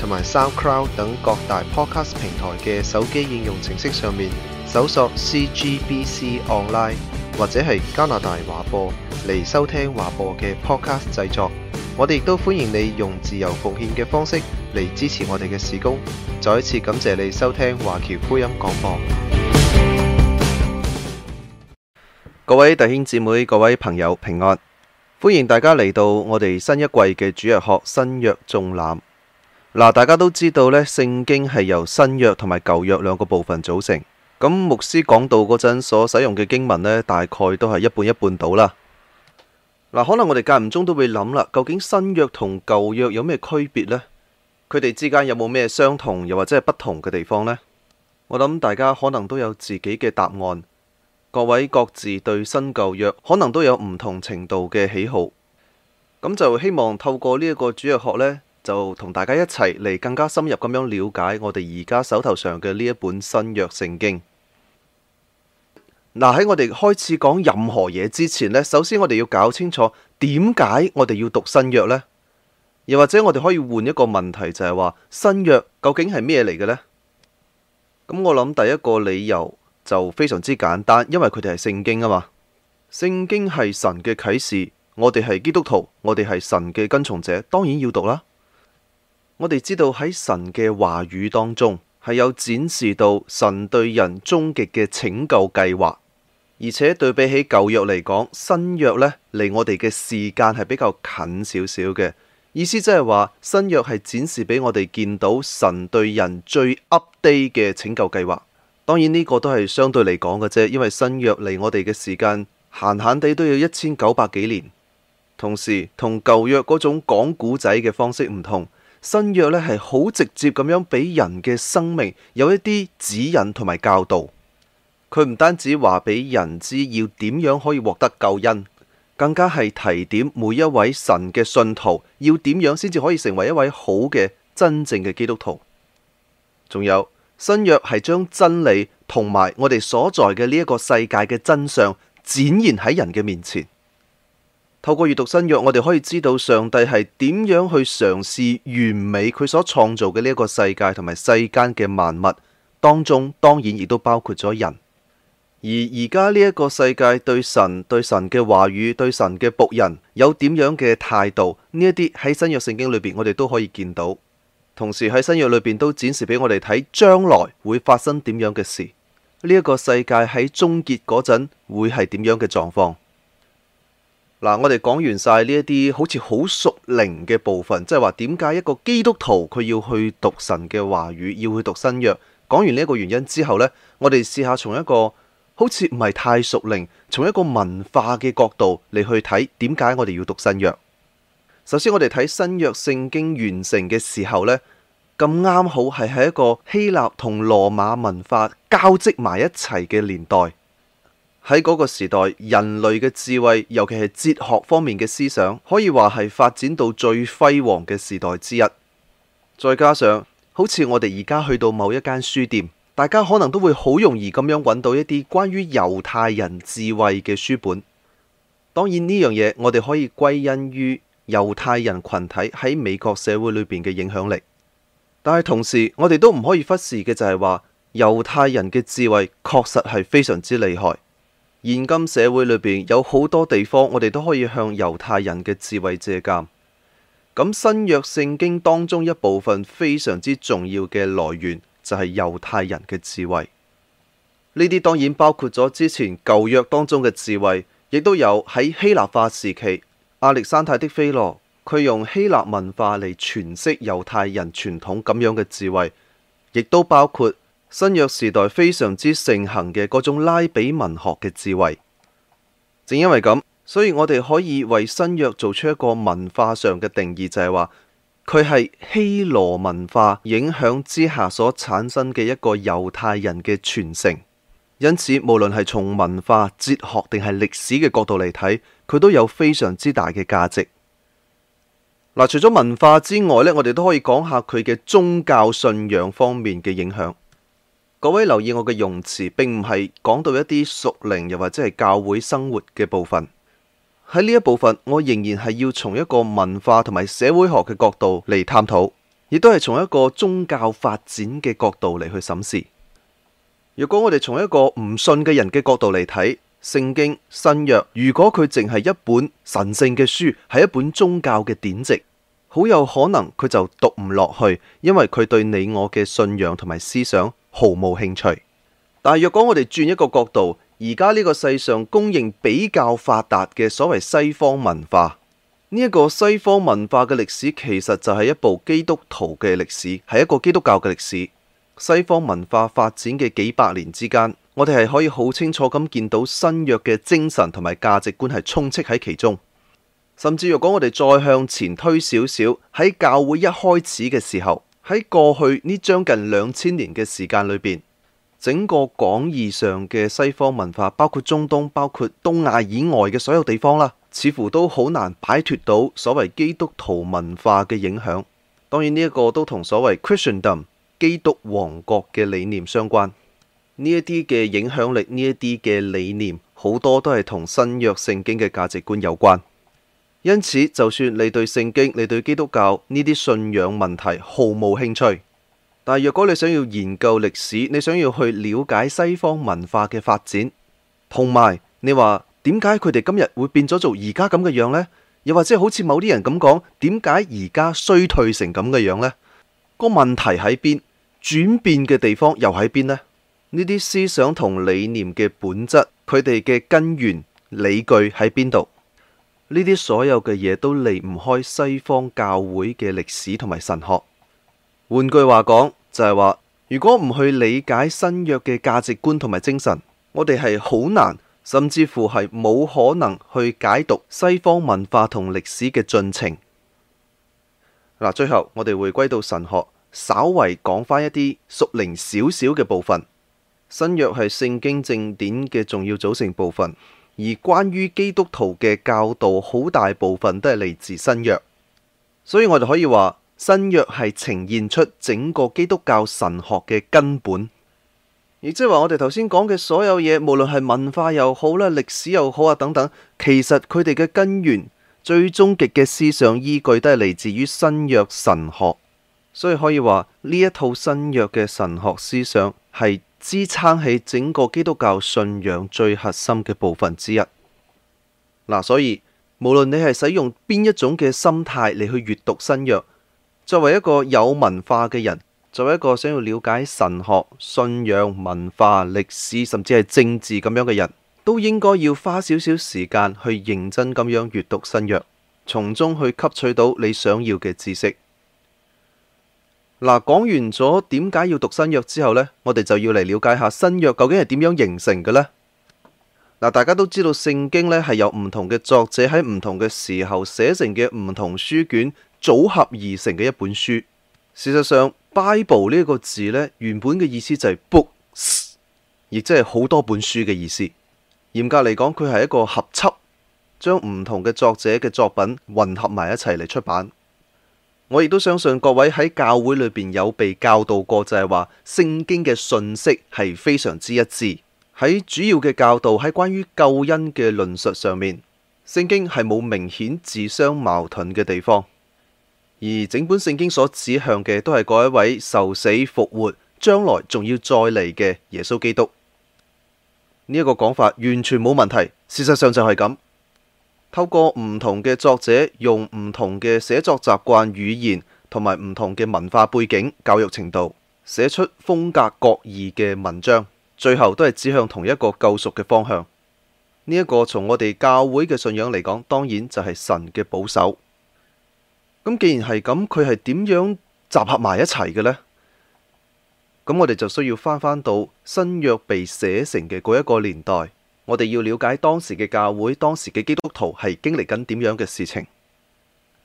同埋，SoundCloud 等各大 podcast 平台嘅手機應用程式上面搜索 CGBC Online 或者係加拿大華播嚟，收聽華播嘅 podcast 製作。我哋亦都歡迎你用自由奉獻嘅方式嚟支持我哋嘅事工。再一次感謝你收聽華僑福音廣播。各位弟兄姊妹、各位朋友平安，歡迎大家嚟到我哋新一季嘅主日學新約縱覽。嗱，大家都知道咧，聖經係由新約同埋舊約兩個部分組成。咁牧師講道嗰陣所使用嘅經文呢，大概都係一半一半到啦。嗱，可能我哋間唔中都會諗啦，究竟新約同舊約有咩區別呢？佢哋之間有冇咩相同又或者係不同嘅地方呢？我諗大家可能都有自己嘅答案。各位各自對新舊約可能都有唔同程度嘅喜好。咁就希望透過呢一個主日學呢。就同大家一齊嚟，更加深入咁樣了解我哋而家手頭上嘅呢一本新約聖經。嗱，喺、啊、我哋開始講任何嘢之前呢，首先我哋要搞清楚點解我哋要讀新約呢？又或者我哋可以換一個問題，就係、是、話，新約究竟係咩嚟嘅呢？咁、嗯、我諗第一個理由就非常之簡單，因為佢哋係聖經啊嘛。聖經係神嘅啟示，我哋係基督徒，我哋係神嘅跟從者，當然要讀啦。我哋知道喺神嘅話語當中，係有展示到神對人終極嘅拯救計劃，而且對比起舊約嚟講，新約咧，離我哋嘅時間係比較近少少嘅，意思即係話新約係展示俾我哋見到神對人最 update 嘅拯救計劃。當然呢個都係相對嚟講嘅啫，因為新約離我哋嘅時間閒閒哋都要一千九百幾年，同時同舊約嗰種講古仔嘅方式唔同。新約呢係好直接咁樣俾人嘅生命有一啲指引同埋教導，佢唔單止話俾人知要點樣可以獲得救恩，更加係提點每一位神嘅信徒要點樣先至可以成為一位好嘅真正嘅基督徒。仲有新約係將真理同埋我哋所在嘅呢一個世界嘅真相展現喺人嘅面前。透過閱讀新約，我哋可以知道上帝係點樣去嘗試完美佢所創造嘅呢一個世界同埋世間嘅萬物。當中當然亦都包括咗人。而而家呢一個世界對神、對神嘅話語、對神嘅僕人有點樣嘅態度？呢一啲喺新約聖經裏邊，我哋都可以見到。同時喺新約裏邊都展示俾我哋睇將來會發生點樣嘅事？呢一個世界喺終結嗰陣會係點樣嘅狀況？嗱，我哋講完晒呢一啲好似好屬靈嘅部分，即係話點解一個基督徒佢要去讀神嘅話語，要去讀新約。講完呢一個原因之後呢，我哋試下從一個好似唔係太屬靈，從一個文化嘅角度嚟去睇，點解我哋要讀新約。首先，我哋睇新約聖經完成嘅時候呢，咁啱好係喺一個希臘同羅馬文化交織埋一齊嘅年代。喺嗰個時代，人類嘅智慧，尤其係哲學方面嘅思想，可以話係發展到最輝煌嘅時代之一。再加上，好似我哋而家去到某一間書店，大家可能都會好容易咁樣揾到一啲關於猶太人智慧嘅書本。當然呢樣嘢，我哋可以歸因於猶太人群體喺美國社會裏面嘅影響力。但係同時，我哋都唔可以忽視嘅就係話，猶太人嘅智慧確實係非常之厲害。現今社會裏邊有好多地方，我哋都可以向猶太人嘅智慧借鑑。咁新約聖經當中一部分非常之重要嘅來源，就係猶太人嘅智慧。呢啲當然包括咗之前舊約當中嘅智慧，亦都有喺希臘化時期亞歷山泰的菲洛，佢用希臘文化嚟詮釋猶太人傳統咁樣嘅智慧，亦都包括。新約時代非常之盛行嘅嗰種拉比文學嘅智慧，正因為咁，所以我哋可以為新約做出一個文化上嘅定義就，就係話佢係希羅文化影響之下所產生嘅一個猶太人嘅傳承。因此，無論係從文化、哲學定係歷史嘅角度嚟睇，佢都有非常之大嘅價值。嗱、啊，除咗文化之外呢，我哋都可以講下佢嘅宗教信仰方面嘅影響。各位留意我嘅用詞，並唔係講到一啲屬靈又或者係教會生活嘅部分。喺呢一部分，我仍然係要從一個文化同埋社會學嘅角度嚟探討，亦都係從一個宗教發展嘅角度嚟去審視。若果我哋從一個唔信嘅人嘅角度嚟睇聖經新約，如果佢淨係一本神聖嘅書，係一本宗教嘅典籍，好有可能佢就讀唔落去，因為佢對你我嘅信仰同埋思想。毫無興趣。但係若果我哋轉一個角度，而家呢個世上公認比較發達嘅所謂西方文化，呢一個西方文化嘅歷史其實就係一部基督徒嘅歷史，係一個基督教嘅歷史。西方文化發展嘅幾百年之間，我哋係可以好清楚咁見到新約嘅精神同埋價值觀係充斥喺其中。甚至若果我哋再向前推少少，喺教會一開始嘅時候。喺過去呢將近兩千年嘅時間裏邊，整個廣義上嘅西方文化，包括中東、包括東亞以外嘅所有地方啦，似乎都好難擺脫到所謂基督徒文化嘅影響。當然呢一個都同所謂 Christendom 基督王國嘅理念相關。呢一啲嘅影響力，呢一啲嘅理念，好多都係同新約聖經嘅價值觀有關。因此，就算你對聖經、你對基督教呢啲信仰問題毫無興趣，但係若果你想要研究歷史，你想要去了解西方文化嘅發展，同埋你話點解佢哋今日會變咗做而家咁嘅樣呢？又或者好似某啲人咁講，點解而家衰退成咁嘅樣呢？個問題喺邊？轉變嘅地方又喺邊呢？呢啲思想同理念嘅本質，佢哋嘅根源理據喺邊度？呢啲所有嘅嘢都離唔開西方教會嘅歷史同埋神學。換句話講，就係話，如果唔去理解新約嘅價值觀同埋精神，我哋係好難，甚至乎係冇可能去解讀西方文化同歷史嘅進程。嗱，最後我哋回歸到神學，稍為講翻一啲屬靈少少嘅部分。新約係聖經正典嘅重要組成部分。而關於基督徒嘅教導，好大部分都係嚟自新約，所以我哋可以話新約係呈現出整個基督教神學嘅根本。亦即係話我哋頭先講嘅所有嘢，無論係文化又好啦、歷史又好啊等等，其實佢哋嘅根源、最終極嘅思想依據都係嚟自於新約神學，所以可以話呢一套新約嘅神學思想係支撐起整個基督教信仰最核心嘅部分之一。嗱，啊，所以無論你係使用邊一種嘅心態嚟去閱讀新約，作為一個有文化嘅人，作為一個想要了解神學、信仰、文化、歷史，甚至係政治咁樣嘅人，都應該要花少少時間去認真咁樣閱讀新約，從中去吸取到你想要嘅知識。嗱，講完咗點解要讀新約之後呢，我哋就要嚟了解下新約究竟係點樣形成嘅呢？嗱，大家都知道聖經呢係由唔同嘅作者喺唔同嘅時候寫成嘅唔同書卷組合而成嘅一本書。事實上，Bible 呢個字呢，原本嘅意思就係 books，亦即係好多本書嘅意思。嚴格嚟講，佢係一個合輯，將唔同嘅作者嘅作品混合埋一齊嚟出版。我亦都相信各位喺教會裏邊有被教導過就，就係話聖經嘅信息係非常之一致。喺主要嘅教導喺關於救恩嘅論述上面，聖經係冇明顯自相矛盾嘅地方。而整本聖經所指向嘅都係嗰一位受死復活，將來仲要再嚟嘅耶穌基督。呢、這、一個講法完全冇問題，事實上就係咁。透過唔同嘅作者，用唔同嘅寫作習慣、語言同埋唔同嘅文化背景、教育程度，寫出風格各異嘅文章，最後都係指向同一個救贖嘅方向。呢、這、一個從我哋教會嘅信仰嚟講，當然就係神嘅保守。咁既然係咁，佢係點樣集合埋一齊嘅呢？咁我哋就需要翻翻到新約被寫成嘅嗰一個年代。我哋要了解當時嘅教會，當時嘅基督徒係經歷緊點樣嘅事情？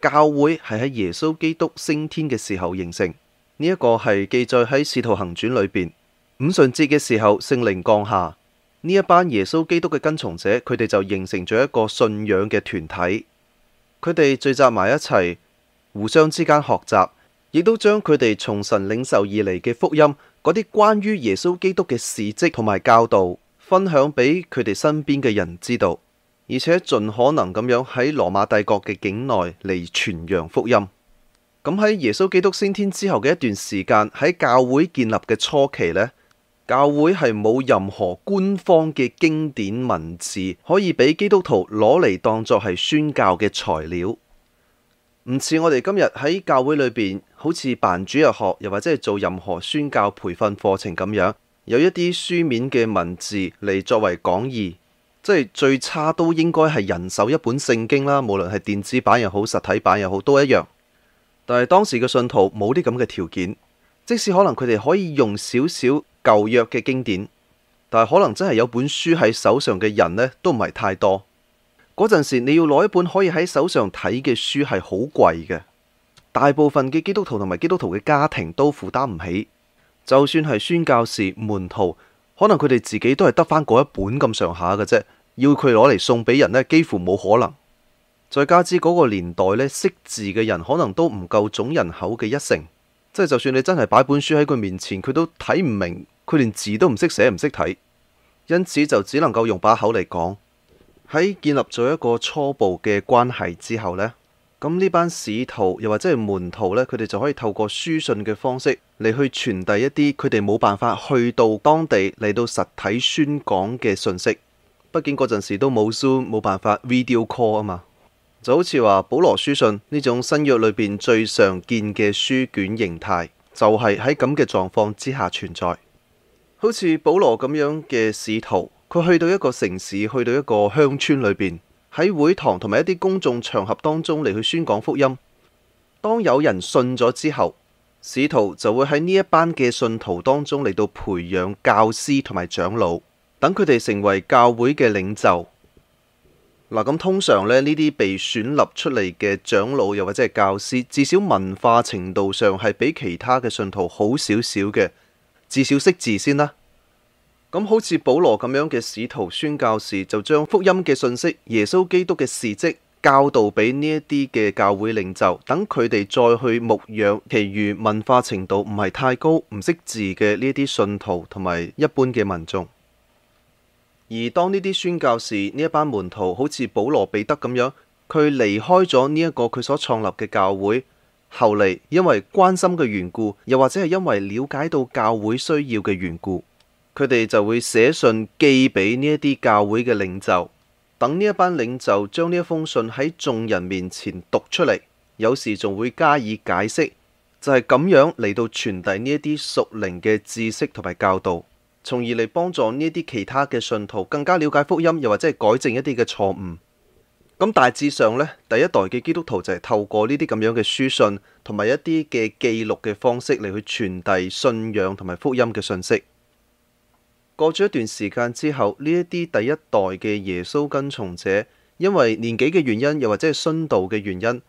教會係喺耶穌基督升天嘅時候形成，呢一個係記載喺《使徒行傳》裏邊。五旬節嘅時候，聖靈降下，呢一班耶穌基督嘅跟從者，佢哋就形成咗一個信仰嘅團體。佢哋聚集埋一齊，互相之間學習，亦都將佢哋從神領受以嚟嘅福音，嗰啲關於耶穌基督嘅事蹟同埋教導。分享俾佢哋身邊嘅人知道，而且盡可能咁樣喺羅馬帝國嘅境內嚟傳揚福音。咁喺耶穌基督升天之後嘅一段時間，喺教會建立嘅初期呢，教會係冇任何官方嘅經典文字可以俾基督徒攞嚟當作係宣教嘅材料，唔似我哋今日喺教會裏邊好似辦主日學，又或者係做任何宣教培訓課程咁樣。有一啲書面嘅文字嚟作為講義，即係最差都應該係人手一本聖經啦，無論係電子版又好，實體版又好都一樣。但係當時嘅信徒冇啲咁嘅條件，即使可能佢哋可以用少少舊約嘅經典，但係可能真係有本書喺手上嘅人呢，都唔係太多。嗰陣時你要攞一本可以喺手上睇嘅書係好貴嘅，大部分嘅基督徒同埋基督徒嘅家庭都負擔唔起。就算係宣教士門徒，可能佢哋自己都係得翻嗰一本咁上下嘅啫，要佢攞嚟送俾人呢，幾乎冇可能。再加之嗰個年代呢，識字嘅人可能都唔夠總人口嘅一成，即係就算你真係擺本書喺佢面前，佢都睇唔明，佢連字都唔識寫唔識睇，因此就只能夠用把口嚟講。喺建立咗一個初步嘅關係之後呢。咁呢班使徒又或者係門徒呢，佢哋就可以透過書信嘅方式嚟去傳遞一啲佢哋冇辦法去到當地嚟到實體宣講嘅信息。畢竟嗰陣時都冇 Zoom，冇辦法 video call 啊嘛。就好似話保羅書信呢種新約裏邊最常見嘅書卷形態，就係喺咁嘅狀況之下存在。好似保羅咁樣嘅使徒，佢去到一個城市，去到一個鄉村裏邊，喺會堂同埋一啲公眾場合當中嚟去宣講福音。當有人信咗之後，使徒就會喺呢一班嘅信徒當中嚟到培養教師同埋長老，等佢哋成為教會嘅領袖。嗱，咁通常呢，呢啲被選立出嚟嘅長老又或者係教師，至少文化程度上係比其他嘅信徒好少少嘅，至少識字先啦。咁、嗯、好似保羅咁樣嘅使徒宣教士，就將福音嘅信息、耶穌基督嘅事跡教導俾呢一啲嘅教會領袖，等佢哋再去牧養其餘文化程度唔係太高、唔識字嘅呢啲信徒同埋一般嘅民眾。而當呢啲宣教士呢一班門徒，好似保羅、彼得咁樣，佢離開咗呢一個佢所創立嘅教會後嚟，因為關心嘅緣故，又或者係因為了解到教會需要嘅緣故。佢哋就會寫信寄俾呢一啲教會嘅領袖，等呢一班領袖將呢一封信喺眾人面前讀出嚟，有時仲會加以解釋，就係咁樣嚟到傳遞呢一啲屬靈嘅知識同埋教導，從而嚟幫助呢啲其他嘅信徒更加了解福音，又或者係改正一啲嘅錯誤。咁大致上呢，第一代嘅基督徒就係透過呢啲咁樣嘅書信同埋一啲嘅記錄嘅方式嚟去傳遞信仰同埋福音嘅信息。過咗一段時間之後，呢一啲第一代嘅耶穌跟從者，因為年紀嘅原因，又或者係殉道嘅原因，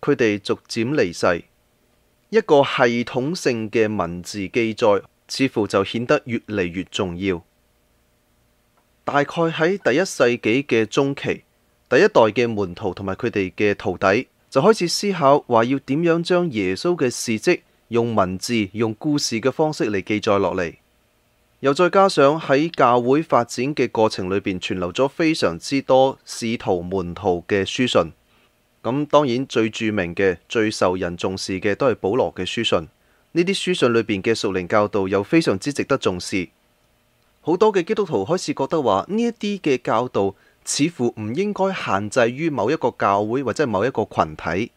佢哋逐漸離世。一個系統性嘅文字記載，似乎就顯得越嚟越重要。大概喺第一世紀嘅中期，第一代嘅門徒同埋佢哋嘅徒弟，就開始思考話要點樣將耶穌嘅事跡，用文字、用故事嘅方式嚟記載落嚟。又再加上喺教會發展嘅過程裏邊，存留咗非常之多使徒門徒嘅書信。咁當然最著名嘅最受人重視嘅都係保羅嘅書信。呢啲書信裏邊嘅屬靈教導又非常之值得重視。好多嘅基督徒開始覺得話，呢一啲嘅教導似乎唔應該限制於某一個教會或者某一個群體。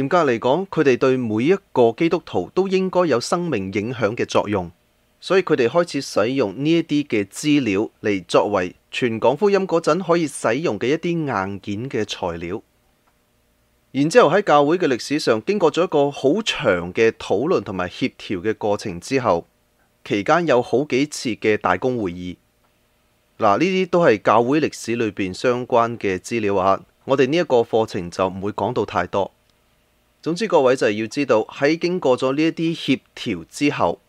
嚴格嚟講，佢哋對每一個基督徒都應該有生命影響嘅作用。所以佢哋開始使用呢一啲嘅資料嚟，作為全港福音嗰陣可以使用嘅一啲硬件嘅材料。然之後喺教會嘅歷史上經過咗一個好長嘅討論同埋協調嘅過程之後，期間有好幾次嘅大公會議。嗱，呢啲都係教會歷史裏邊相關嘅資料啊。我哋呢一個課程就唔會講到太多。總之，各位就係要知道喺經過咗呢一啲協調之後。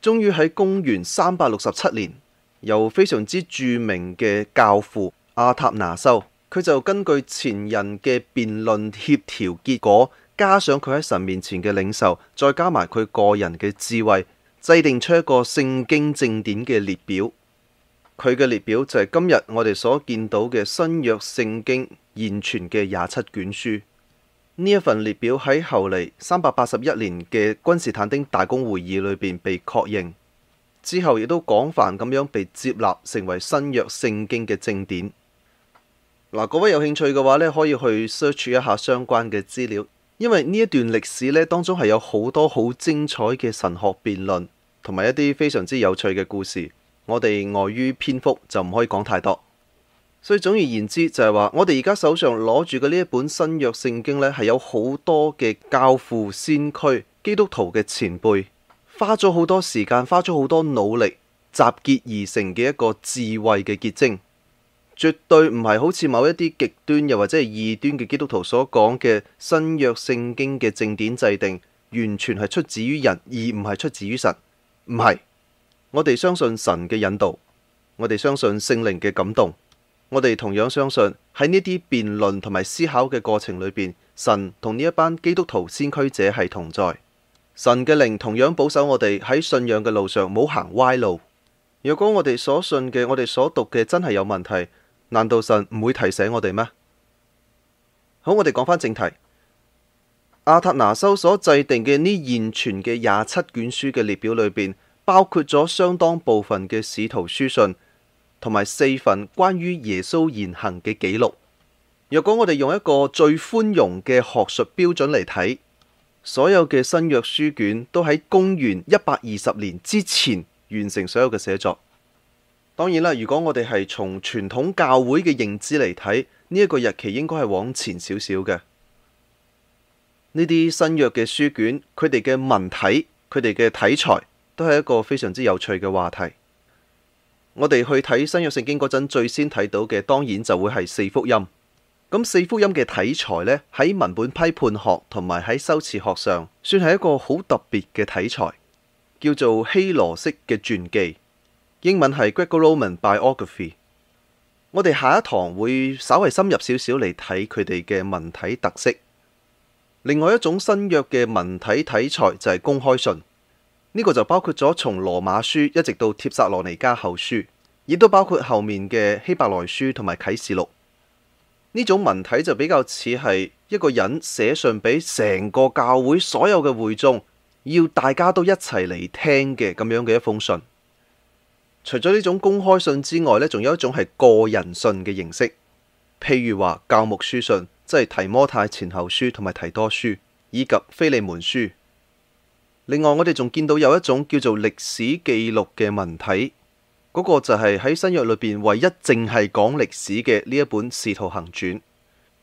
終於喺公元三百六十七年，由非常之著名嘅教父阿塔拿修，佢就根據前人嘅辯論協調結果，加上佢喺神面前嘅領受，再加埋佢個人嘅智慧，制定出一個聖經正典嘅列表。佢嘅列表就係今日我哋所見到嘅新約聖經現存嘅廿七卷書。呢一份列表喺後嚟三百八十一年嘅君士坦丁大公會議裏邊被確認，之後亦都廣泛咁樣被接納成為新約聖經嘅正典。嗱，各位有興趣嘅話呢，可以去 search 一下相關嘅資料，因為呢一段歷史呢，當中係有好多好精彩嘅神學辯論，同埋一啲非常之有趣嘅故事。我哋礙、呃、於篇幅就唔可以講太多。所以總而言之就係話，我哋而家手上攞住嘅呢一本新約聖經呢，係有好多嘅教父先驅基督徒嘅前輩花咗好多時間，花咗好多努力集結而成嘅一個智慧嘅結晶，絕對唔係好似某一啲極端又或者係異端嘅基督徒所講嘅新約聖經嘅正典制定，完全係出自於人而唔係出自於神。唔係，我哋相信神嘅引導，我哋相信聖靈嘅感動。我哋同樣相信喺呢啲辯論同埋思考嘅過程裏邊，神同呢一班基督徒先驅者係同在，神嘅靈同樣保守我哋喺信仰嘅路上冇行歪路。如果我哋所信嘅，我哋所讀嘅真係有問題，難道神唔會提醒我哋咩？好，我哋講翻正題。阿塔拿修所制定嘅呢，現存嘅廿七卷書嘅列表裏邊，包括咗相當部分嘅使徒書信。同埋四份關於耶穌言行嘅記錄。若果我哋用一個最寬容嘅學術標準嚟睇，所有嘅新約書卷都喺公元一百二十年之前完成所有嘅寫作。當然啦，如果我哋係從傳統教會嘅認知嚟睇，呢一個日期應該係往前少少嘅。呢啲新約嘅書卷，佢哋嘅文體、佢哋嘅題材，都係一個非常之有趣嘅話題。我哋去睇新約聖經嗰陣，最先睇到嘅當然就會係四福音。咁四福音嘅體裁呢，喺文本批判學同埋喺修辭學上，算係一個好特別嘅體裁，叫做希羅式嘅傳記，英文係 Greco-Roman Biography。我哋下一堂會稍微深入少少嚟睇佢哋嘅文體特色。另外一種新約嘅文體體裁就係公開信。呢個就包括咗從羅馬書一直到帖撒羅尼加後書，亦都包括後面嘅希伯來書同埋啟示錄。呢種文體就比較似係一個人寫信俾成個教會所有嘅會眾，要大家都一齊嚟聽嘅咁樣嘅一封信。除咗呢種公開信之外，呢仲有一種係個人信嘅形式，譬如話教牧書信，即係提摩太前後書同埋提多書，以及腓利門書。另外，我哋仲見到有一種叫做歷史記錄嘅文體，嗰個就係喺新約裏邊唯一淨係講歷史嘅呢一本《使徒行傳》。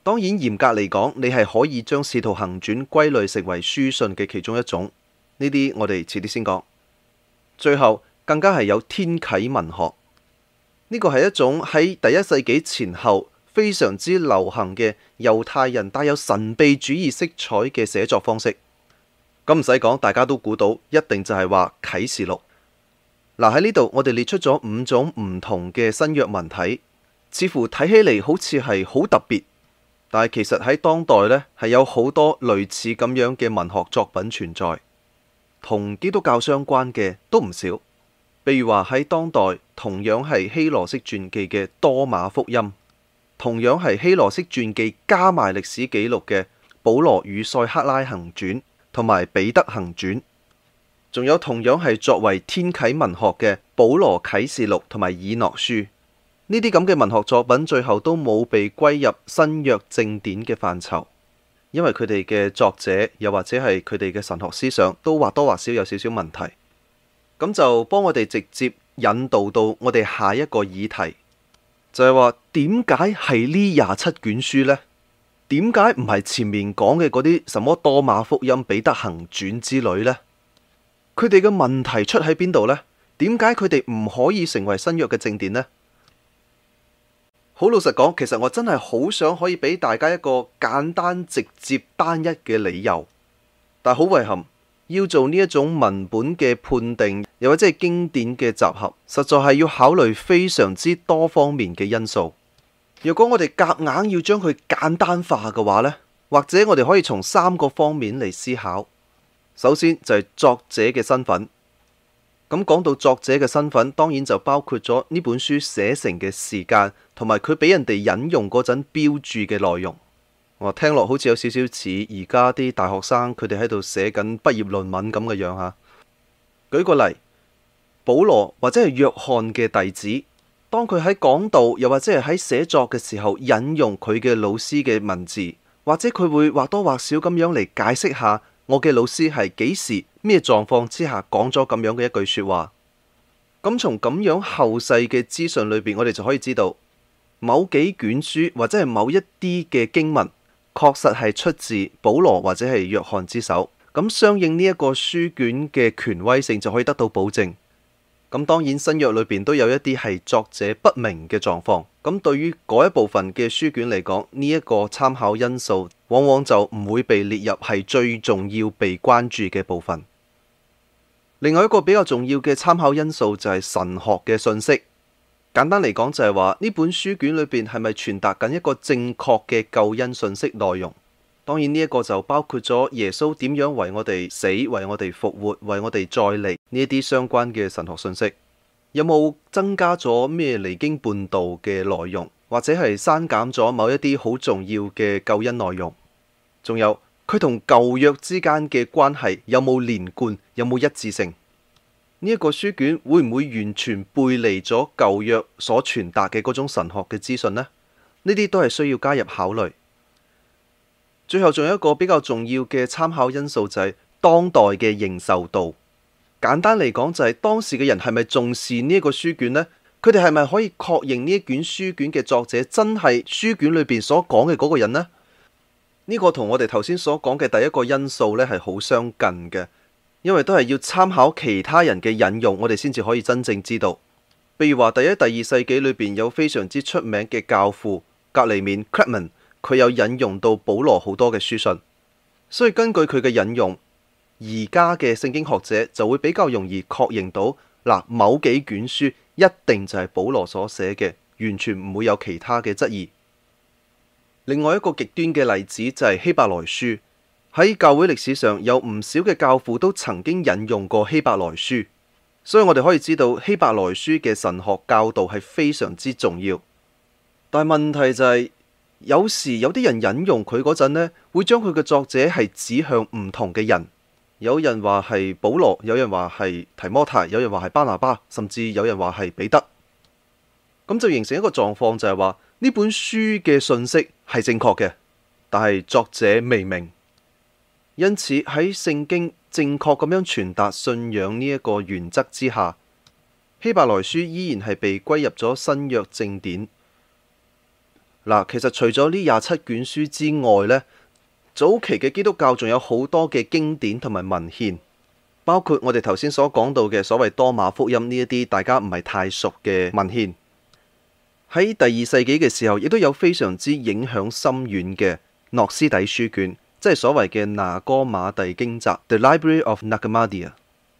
當然，嚴格嚟講，你係可以將《使徒行傳》歸類成為書信嘅其中一種。呢啲我哋遲啲先講。最後，更加係有天啟文學，呢個係一種喺第一世紀前後非常之流行嘅猶太人帶有神秘主義色彩嘅寫作方式。咁唔使講，大家都估到一定就係話啟示錄。嗱，喺呢度，我哋列出咗五種唔同嘅新約文體，似乎睇起嚟好似係好特別，但係其實喺當代呢，係有好多類似咁樣嘅文學作品存在，同基督教相關嘅都唔少。譬如話喺當代同樣係希羅式傳記嘅多馬福音，同樣係希羅式傳記加埋歷史記錄嘅保羅與塞克拉行傳。同埋《彼得行傳》，仲有同樣係作為天啟文學嘅《保羅啟示錄》同埋《以諾書》，呢啲咁嘅文學作品，最後都冇被歸入新約正典嘅範疇，因為佢哋嘅作者又或者係佢哋嘅神學思想，都或多或少有少少問題。咁就幫我哋直接引導到我哋下一個議題，就係話點解係呢廿七卷書呢？點解唔係前面講嘅嗰啲什麼多馬福音、彼得行傳之類呢？佢哋嘅問題出喺邊度呢？點解佢哋唔可以成為新約嘅正典呢？好老實講，其實我真係好想可以俾大家一個簡單、直接、單一嘅理由，但好遺憾，要做呢一種文本嘅判定，又或者係經典嘅集合，實在係要考慮非常之多方面嘅因素。如果我哋夾硬要將佢簡單化嘅話呢，或者我哋可以從三個方面嚟思考。首先就係作者嘅身份。咁講到作者嘅身份，當然就包括咗呢本書寫成嘅時間，同埋佢俾人哋引用嗰陣標注嘅內容。我聽落好似有少少似而家啲大學生佢哋喺度寫緊畢業論文咁嘅樣吓。舉個例，保羅或者係約翰嘅弟子。當佢喺講道，又或者係喺寫作嘅時候引用佢嘅老師嘅文字，或者佢會或多或少咁樣嚟解釋下我嘅老師係幾時咩狀況之下講咗咁樣嘅一句說話。咁從咁樣後世嘅資訊裏面，我哋就可以知道某幾卷書或者係某一啲嘅經文，確實係出自保羅或者係約翰之手。咁相應呢一個書卷嘅權威性就可以得到保證。咁當然新約裏邊都有一啲係作者不明嘅狀況，咁對於嗰一部分嘅書卷嚟講，呢、這、一個參考因素往往就唔會被列入係最重要被關注嘅部分。另外一個比較重要嘅參考因素就係神學嘅信息。簡單嚟講就係話呢本書卷裏邊係咪傳達緊一個正確嘅救恩信息內容？當然呢一個就包括咗耶穌點樣為我哋死、為我哋復活、為我哋再嚟呢一啲相關嘅神學信息。有冇增加咗咩離經叛道嘅內容，或者係刪減咗某一啲好重要嘅救恩內容？仲有佢同舊約之間嘅關係有冇連貫，有冇一致性？呢一個書卷會唔會完全背離咗舊約所傳達嘅嗰種神學嘅資訊呢？呢啲都係需要加入考慮。最後仲有一個比較重要嘅參考因素，就係當代嘅認受度。簡單嚟講就係當時嘅人係咪重視呢一個書卷呢？佢哋係咪可以確認呢一卷書卷嘅作者真係書卷裏邊所講嘅嗰個人呢？呢、呢個同我哋頭先所講嘅第一個因素呢係好相近嘅，因為都係要參考其他人嘅引用，我哋先至可以真正知道。譬如話第一、第二世紀裏邊有非常之出名嘅教父革利免 g r e g m a n 佢有引用到保羅好多嘅書信，所以根據佢嘅引用，而家嘅聖經學者就會比較容易確認到嗱，某幾卷書一定就係保羅所寫嘅，完全唔會有其他嘅質疑。另外一個極端嘅例子就係希伯來書，喺教會歷史上有唔少嘅教父都曾經引用過希伯來書，所以我哋可以知道希伯來書嘅神學教導係非常之重要。但問題就係、是。有時有啲人引用佢嗰陣呢，會將佢嘅作者係指向唔同嘅人。有人話係保羅，有人話係提摩太，有人話係巴拿巴，甚至有人話係彼得。咁就形成一個狀況就，就係話呢本書嘅信息係正確嘅，但係作者未明。因此喺聖經正確咁樣傳達信仰呢一個原則之下，希伯來書依然係被歸入咗新約正典。嗱，其實除咗呢廿七卷書之外，呢早期嘅基督教仲有好多嘅經典同埋文獻，包括我哋頭先所講到嘅所謂多馬福音呢一啲大家唔係太熟嘅文獻。喺第二世紀嘅時候，亦都有非常之影響深遠嘅諾斯底書卷，即係所謂嘅拿哥馬蒂經集 （The Library of Nagamadia）。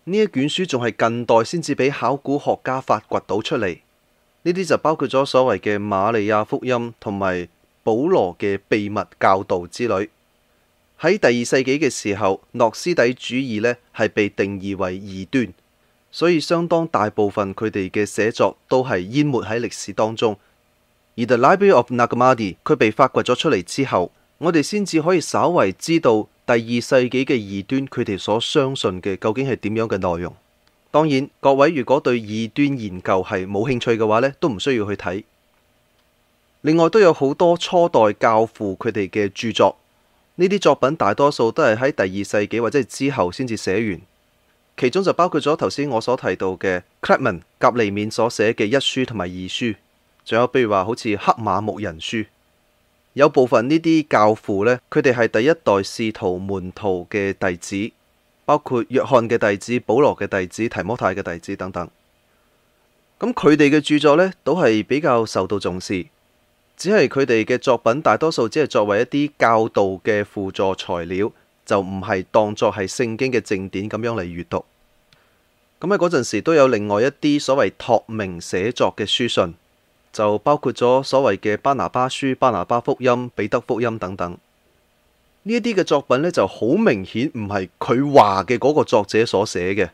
呢一卷書仲係近代先至俾考古學家發掘到出嚟。呢啲就包括咗所謂嘅瑪利亞福音同埋保羅嘅秘密教導之旅。喺第二世紀嘅時候，諾斯底主義呢係被定義為異端，所以相當大部分佢哋嘅寫作都係淹沒喺歷史當中。而 The Library of Nag Hammadi，佢被發掘咗出嚟之後，我哋先至可以稍為知道第二世紀嘅異端佢哋所相信嘅究竟係點樣嘅內容。當然，各位如果對異端研究係冇興趣嘅話呢，都唔需要去睇。另外都有好多初代教父佢哋嘅著作，呢啲作品大多數都係喺第二世紀或者之後先至寫完。其中就包括咗頭先我所提到嘅克雷門、革利免所寫嘅一書同埋二書，仲有比如話好似黑馬牧人書。有部分呢啲教父呢，佢哋係第一代使徒門徒嘅弟子。包括約翰嘅弟子、保羅嘅弟子、提摩太嘅弟子等等，咁佢哋嘅著作呢，都係比較受到重視，只係佢哋嘅作品大多數只係作為一啲教導嘅輔助材料，就唔係當作係聖經嘅正典咁樣嚟閱讀。咁喺嗰陣時都有另外一啲所謂託名寫作嘅書信，就包括咗所謂嘅巴拿巴書、巴拿巴福音、彼得福音等等。呢啲嘅作品呢，就好明顯唔係佢話嘅嗰個作者所寫嘅，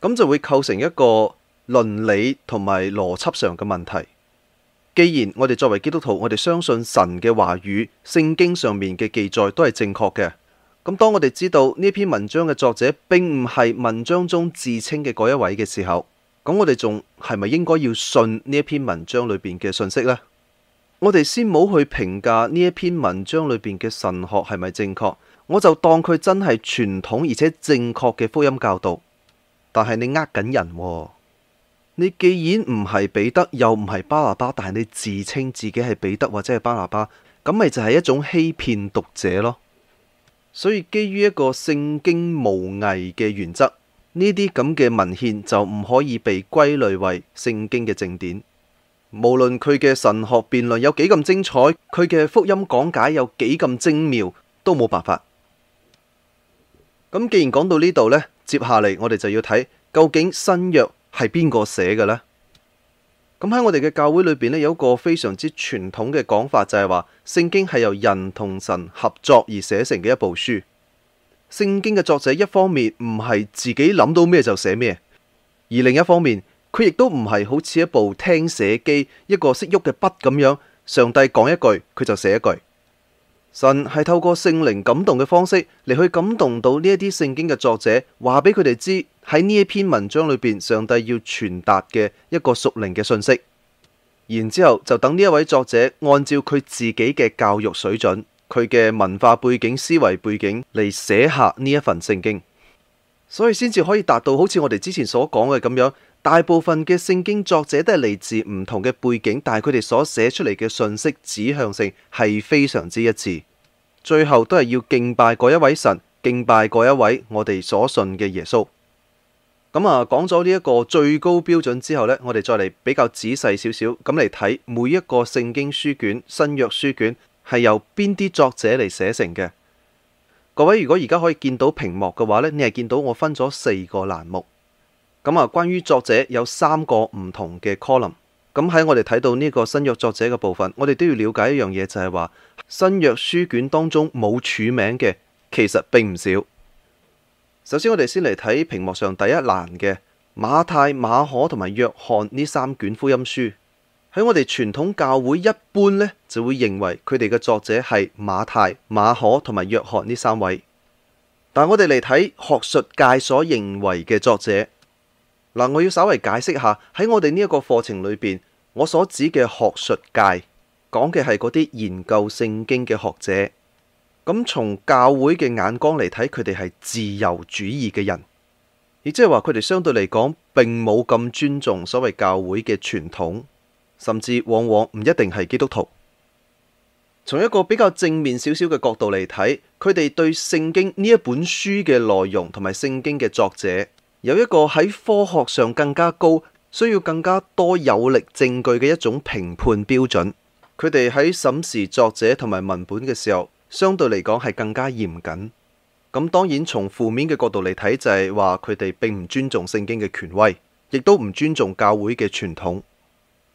咁就會構成一個倫理同埋邏輯上嘅問題。既然我哋作為基督徒，我哋相信神嘅話語、聖經上面嘅記載都係正確嘅，咁當我哋知道呢篇文章嘅作者並唔係文章中自稱嘅嗰一位嘅時候，咁我哋仲係咪應該要信呢一篇文章裏邊嘅信息呢？我哋先冇去評價呢一篇文章裏邊嘅神學係咪正確，我就當佢真係傳統而且正確嘅福音教導。但係你呃緊人喎，你既然唔係彼得又唔係巴拿巴，但係你自稱自己係彼得或者係巴拿巴，咁咪就係一種欺騙讀者咯。所以基於一個聖經無偽嘅原則，呢啲咁嘅文獻就唔可以被歸類為聖經嘅正典。無論佢嘅神學辯論有幾咁精彩，佢嘅福音講解有幾咁精妙，都冇辦法。咁既然講到呢度呢，接下嚟我哋就要睇究竟新約係邊個寫嘅呢？咁喺我哋嘅教會裏邊呢，有一個非常之傳統嘅講法，就係話聖經係由人同神合作而寫成嘅一部書。聖經嘅作者一方面唔係自己諗到咩就寫咩，而另一方面。佢亦都唔係好似一部聽寫機，一個識喐嘅筆咁樣。上帝講一句，佢就寫一句。神係透過聖靈感動嘅方式嚟去感動到呢一啲聖經嘅作者，話俾佢哋知喺呢一篇文章裏邊，上帝要傳達嘅一個屬靈嘅信息。然之後就等呢一位作者按照佢自己嘅教育水準、佢嘅文化背景、思維背景嚟寫下呢一份聖經，所以先至可以達到好似我哋之前所講嘅咁樣。大部分嘅聖經作者都係嚟自唔同嘅背景，但係佢哋所寫出嚟嘅信息指向性係非常之一致。最後都係要敬拜嗰一位神，敬拜嗰一位我哋所信嘅耶穌。咁、嗯、啊，講咗呢一個最高標準之後呢，我哋再嚟比較仔細少少，咁嚟睇每一個聖經書卷、新約書卷係由邊啲作者嚟寫成嘅。各位如果而家可以見到屏幕嘅話呢，你係見到我分咗四個欄目。咁啊，關於作者有三個唔同嘅 column。咁喺我哋睇到呢個新約作者嘅部分，我哋都要了解一樣嘢，就係話新約書卷當中冇署名嘅，其實並唔少。首先，我哋先嚟睇屏幕上第一欄嘅馬太、馬可同埋約翰呢三卷福音書。喺我哋傳統教會一般呢，就會認為佢哋嘅作者係馬太、馬可同埋約翰呢三位。但我哋嚟睇學術界所認為嘅作者。嗱，我要稍微解釋下喺我哋呢一個課程裏邊，我所指嘅學術界，講嘅係嗰啲研究聖經嘅學者。咁從教會嘅眼光嚟睇，佢哋係自由主義嘅人，亦即係話佢哋相對嚟講，並冇咁尊重所謂教會嘅傳統，甚至往往唔一定係基督徒。從一個比較正面少少嘅角度嚟睇，佢哋對聖經呢一本書嘅內容同埋聖經嘅作者有一個喺科學上更加高，需要更加多有力證據嘅一種評判標準。佢哋喺審視作者同埋文本嘅時候，相對嚟講係更加嚴謹。咁當然，從負面嘅角度嚟睇，就係話佢哋並唔尊重聖經嘅權威，亦都唔尊重教會嘅傳統。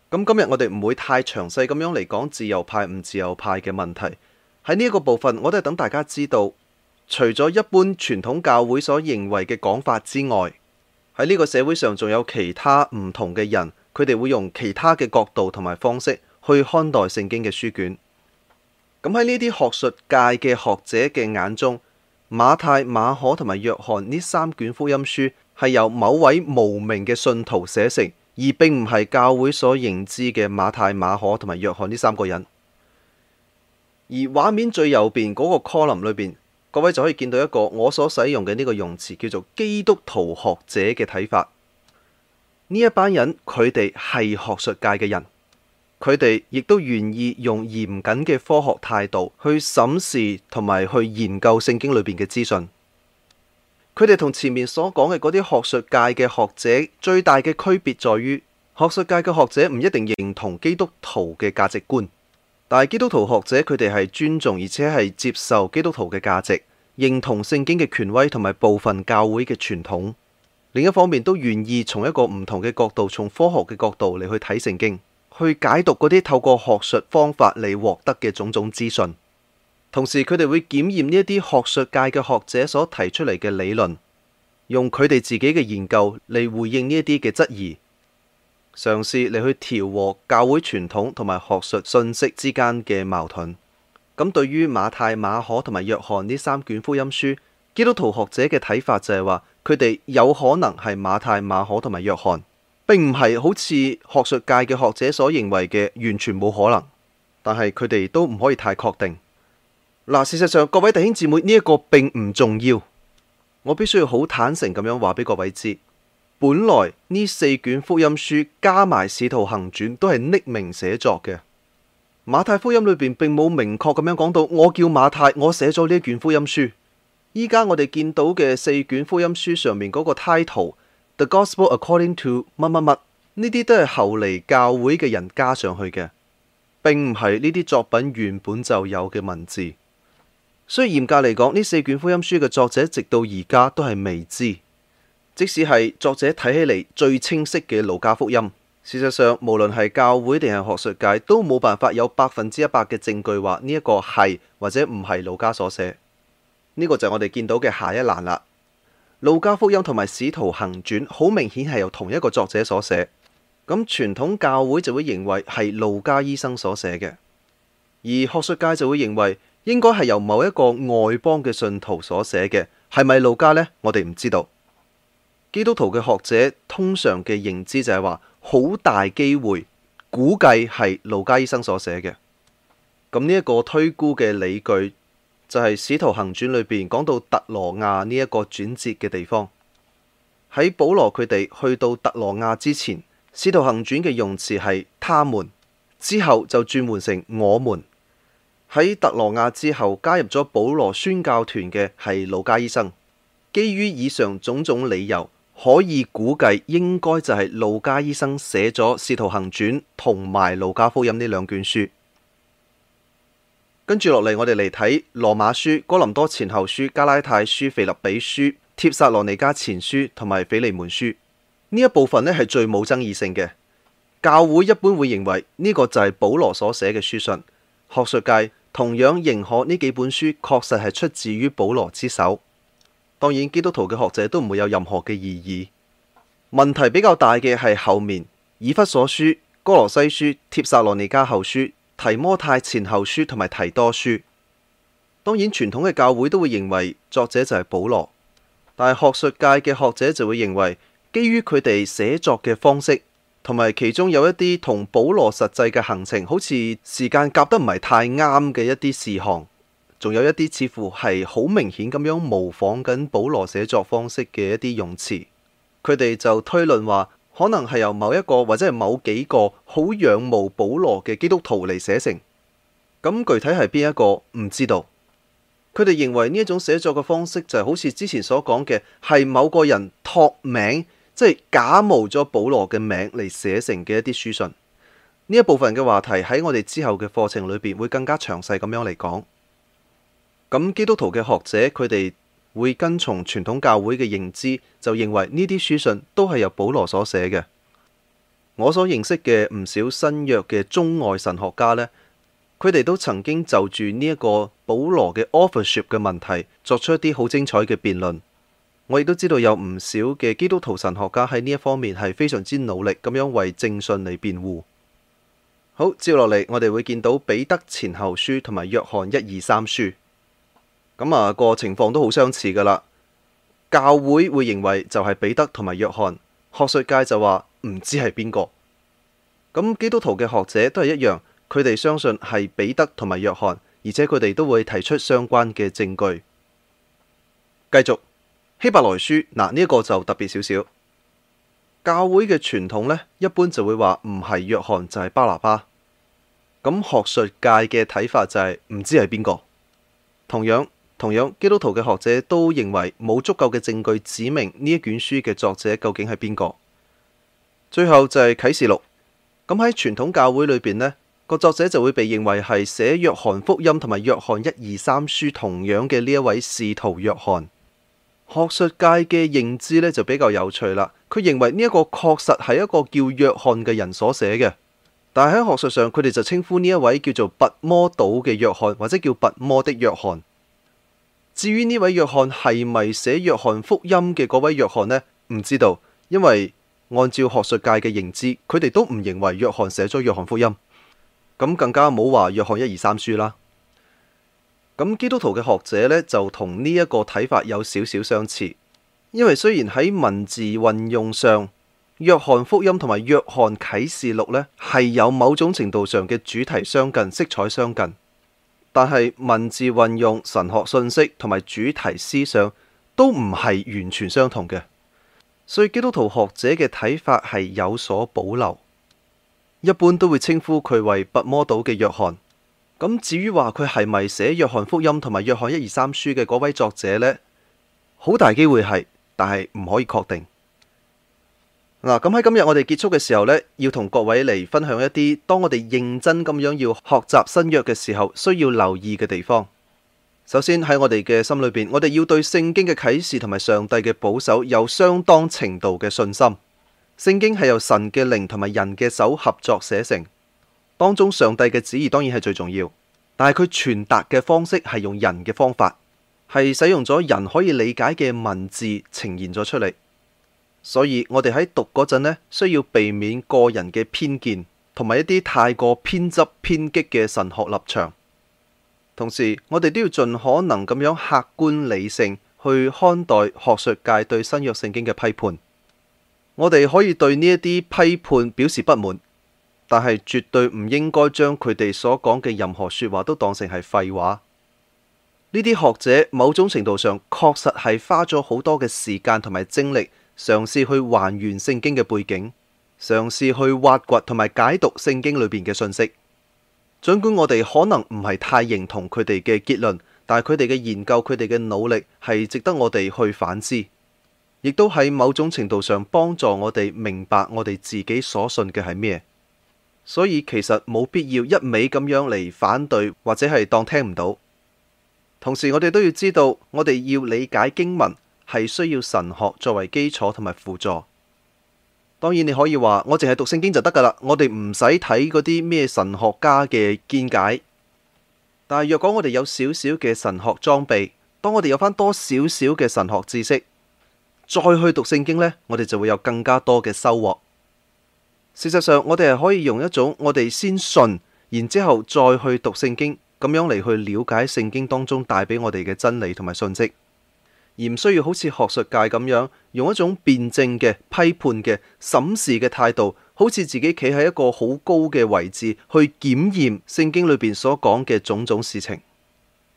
咁今日我哋唔會太詳細咁樣嚟講自由派唔自由派嘅問題。喺呢一個部分，我都係等大家知道。除咗一般傳統教會所認為嘅講法之外，喺呢個社會上仲有其他唔同嘅人，佢哋會用其他嘅角度同埋方式去看待聖經嘅書卷。咁喺呢啲學術界嘅學者嘅眼中，馬太、馬可同埋約翰呢三卷福音書係由某位無名嘅信徒寫成，而並唔係教會所認知嘅馬太、馬可同埋約翰呢三個人。而畫面最右邊嗰個 column 裏邊。各位就可以見到一個我所使用嘅，呢個用詞叫做基督徒學者嘅睇法。呢一班人佢哋係學術界嘅人，佢哋亦都願意用嚴謹嘅科學態度去審視同埋去研究聖經裏邊嘅資訊。佢哋同前面所講嘅嗰啲學術界嘅學者最大嘅區別在於，學術界嘅學者唔一定認同基督徒嘅價值觀。但係基督徒學者佢哋係尊重而且係接受基督徒嘅價值，認同聖經嘅權威同埋部分教會嘅傳統。另一方面都願意從一個唔同嘅角度，從科學嘅角度嚟去睇聖經，去解讀嗰啲透過學術方法嚟獲得嘅種種資訊。同時佢哋會檢驗呢一啲學術界嘅學者所提出嚟嘅理論，用佢哋自己嘅研究嚟回應呢一啲嘅質疑。嘗試嚟去調和教會傳統同埋學術信息之間嘅矛盾。咁對於馬太、馬可同埋約翰呢三卷福音書，基督徒學者嘅睇法就係話，佢哋有可能係馬太、馬可同埋約翰，並唔係好似學術界嘅學者所認為嘅完全冇可能。但係佢哋都唔可以太確定。嗱，事實上，各位弟兄姊妹，呢一個並唔重要。我必須要好坦誠咁樣話俾各位知。本來呢四卷福音書加埋使徒行傳都係匿名寫作嘅。馬太福音裏邊並冇明確咁樣講到我叫馬太，我寫咗呢卷福音書。依家我哋見到嘅四卷福音書上面嗰個 title，The Gospel According to 乜乜乜，呢啲都係後嚟教會嘅人加上去嘅，並唔係呢啲作品原本就有嘅文字。所以嚴格嚟講，呢四卷福音書嘅作者直到而家都係未知。即使係作者睇起嚟最清晰嘅路加福音，事實上無論係教會定係學術界都冇辦法有百分之一百嘅證據話呢一個係或者唔係路加所寫。呢、這個就係我哋見到嘅下一欄啦。路加福音同埋使徒行傳好明顯係由同一個作者所寫，咁傳統教會就會認為係路加醫生所寫嘅，而學術界就會認為應該係由某一個外邦嘅信徒所寫嘅，係咪路加呢？我哋唔知道。基督徒嘅學者通常嘅認知就係話，好大機會估計係路加醫生所寫嘅。咁呢一個推估嘅理據就係《使徒行傳》裏邊講到特羅亞呢一個轉折嘅地方。喺保羅佢哋去到特羅亞之前，《使徒行傳》嘅用詞係他們，之後就轉換成我們。喺特羅亞之後加入咗保羅宣教團嘅係路加醫生。基於以上種種理由。可以估計應該就係路加醫生寫咗《使徒行傳》同埋《路加福音》呢兩卷書，跟住落嚟我哋嚟睇《羅馬書》、《哥林多前後書》、《加拉太書》、《腓立比書》、《帖撒羅尼加前書》同埋《腓利門書》呢一部分咧係最冇爭議性嘅，教會一般會認為呢個就係保羅所寫嘅書信，學術界同樣認可呢幾本書確實係出自於保羅之手。當然，基督徒嘅學者都唔會有任何嘅異議。問題比較大嘅係後面以弗所書、哥羅西書、帖撒羅尼加後書、提摩太前後書同埋提多書。當然，傳統嘅教會都會認為作者就係保羅，但係學術界嘅學者就會認為，基於佢哋寫作嘅方式，同埋其中有一啲同保羅實際嘅行程，好似時間夾得唔係太啱嘅一啲事項。仲有一啲似乎係好明顯咁樣模仿緊保羅寫作方式嘅一啲用詞，佢哋就推論話可能係由某一個或者係某幾個好仰慕保羅嘅基督徒嚟寫成。咁具體係邊一個唔知道，佢哋認為呢一種寫作嘅方式就係好似之前所講嘅，係某個人託名即係、就是、假冒咗保羅嘅名嚟寫成嘅一啲書信。呢一部分嘅話題喺我哋之後嘅課程裏邊會更加詳細咁樣嚟講。咁，基督徒嘅學者佢哋會跟從傳統教會嘅認知，就認為呢啲書信都係由保羅所寫嘅。我所認識嘅唔少新約嘅中外神學家咧，佢哋都曾經就住呢一個保羅嘅 authorship 嘅問題作出一啲好精彩嘅辯論。我亦都知道有唔少嘅基督徒神學家喺呢一方面係非常之努力咁樣為正信嚟辯護。好，接落嚟我哋會見到彼得前後書同埋約翰一二三書。咁啊，個情況都好相似噶啦。教會會認為就係彼得同埋約翰，學術界就話唔知係邊個。咁基督徒嘅學者都係一樣，佢哋相信係彼得同埋約翰，而且佢哋都會提出相關嘅證據。繼續希伯來書嗱，呢一個就特別少少。教會嘅傳統呢，一般就會話唔係約翰就係巴拿巴。咁學術界嘅睇法就係唔知係邊個，同樣。同樣基督徒嘅學者都認為冇足夠嘅證據指明呢一卷書嘅作者究竟係邊個。最後就係啟示錄。咁喺傳統教會裏邊呢個作者就會被認為係寫約翰福音同埋約翰一二三書同樣嘅呢一位使徒約翰。學術界嘅認知呢，就比較有趣啦。佢認為呢一個確實係一個叫約翰嘅人所寫嘅，但係喺學術上佢哋就稱呼呢一位叫做拔摩島嘅約翰或者叫拔摩的約翰。至於呢位約翰係咪寫《約翰福音》嘅嗰位約翰呢？唔知道，因為按照學術界嘅認知，佢哋都唔認為約翰寫咗《約翰福音》，咁更加冇話《約翰一二三書》啦。咁基督徒嘅學者呢，就同呢一個睇法有少少相似，因為雖然喺文字運用上，《約翰福音》同埋《約翰啟示錄》呢，係有某種程度上嘅主題相近、色彩相近。但係文字運用、神學信息同埋主題思想都唔係完全相同嘅，所以基督徒學者嘅睇法係有所保留，一般都會稱呼佢為拔摩島嘅約翰。咁至於話佢係咪寫《約翰福音》同埋《約翰一二三書》嘅嗰位作者呢？好大機會係，但係唔可以確定。嗱，咁喺今日我哋結束嘅時候呢，要同各位嚟分享一啲，當我哋認真咁樣要學習新約嘅時候，需要留意嘅地方。首先喺我哋嘅心裏邊，我哋要對聖經嘅啟示同埋上帝嘅保守有相當程度嘅信心。聖經係由神嘅靈同埋人嘅手合作寫成，當中上帝嘅旨意當然係最重要，但係佢傳達嘅方式係用人嘅方法，係使用咗人可以理解嘅文字呈現咗出嚟。所以我哋喺讀嗰陣呢，需要避免個人嘅偏見，同埋一啲太過偏執、偏激嘅神學立場。同時，我哋都要盡可能咁樣客觀理性去看待學術界對新約聖經嘅批判。我哋可以對呢一啲批判表示不滿，但係絕對唔應該將佢哋所講嘅任何說話都當成係廢話。呢啲學者某種程度上確實係花咗好多嘅時間同埋精力。嘗試去還原聖經嘅背景，嘗試去挖掘同埋解讀聖經裡面嘅信息。盡管我哋可能唔係太認同佢哋嘅結論，但係佢哋嘅研究、佢哋嘅努力係值得我哋去反思，亦都喺某種程度上幫助我哋明白我哋自己所信嘅係咩。所以其實冇必要一味咁樣嚟反對，或者係當聽唔到。同時我哋都要知道，我哋要理解經文。係需要神學作為基礎同埋輔助。當然你可以話我淨係讀聖經就得噶啦，我哋唔使睇嗰啲咩神學家嘅見解。但係若果我哋有少少嘅神學裝備，當我哋有翻多少少嘅神學知識，再去讀聖經呢，我哋就會有更加多嘅收穫。事實上，我哋係可以用一種我哋先信，然之後再去讀聖經，咁樣嚟去了解聖經當中帶俾我哋嘅真理同埋信息。而唔需要好似學術界咁樣，用一種辯證嘅、批判嘅、審視嘅態度，好似自己企喺一個好高嘅位置去檢驗聖經裏邊所講嘅種種事情。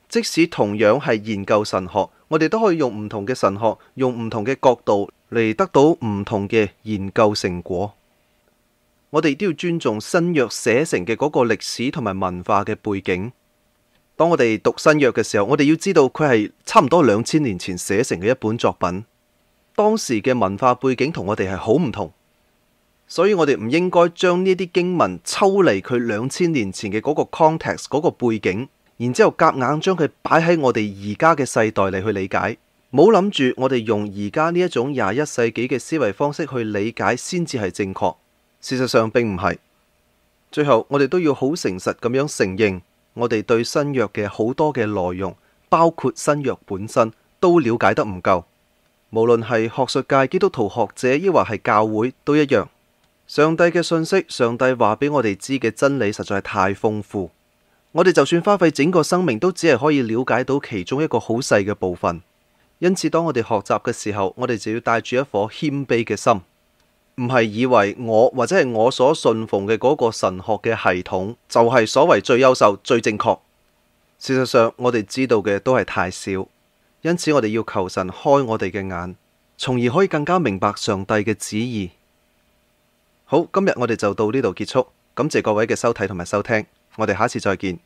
即使同樣係研究神學，我哋都可以用唔同嘅神學，用唔同嘅角度嚟，得到唔同嘅研究成果。我哋都要尊重新約寫成嘅嗰個歷史同埋文化嘅背景。當我哋讀新約嘅時候，我哋要知道佢係差唔多兩千年前寫成嘅一本作品，當時嘅文化背景同我哋係好唔同，所以我哋唔應該將呢啲經文抽離佢兩千年前嘅嗰個 context 嗰個背景，然之後夾硬將佢擺喺我哋而家嘅世代嚟去理解，冇諗住我哋用而家呢一種廿一世紀嘅思維方式去理解先至係正確。事實上並唔係，最後我哋都要好誠實咁樣承認。我哋對新約嘅好多嘅內容，包括新約本身，都了解得唔夠。無論係學術界、基督徒學者，抑或係教會都一樣。上帝嘅訊息，上帝話俾我哋知嘅真理，實在係太豐富。我哋就算花費整個生命，都只係可以了解到其中一個好細嘅部分。因此，當我哋學習嘅時候，我哋就要帶住一顆謙卑嘅心。唔係以為我或者係我所信奉嘅嗰個神學嘅系統就係所謂最優秀、最正確。事實上，我哋知道嘅都係太少，因此我哋要求神開我哋嘅眼，從而可以更加明白上帝嘅旨意。好，今日我哋就到呢度結束。感謝各位嘅收睇同埋收聽，我哋下次再見。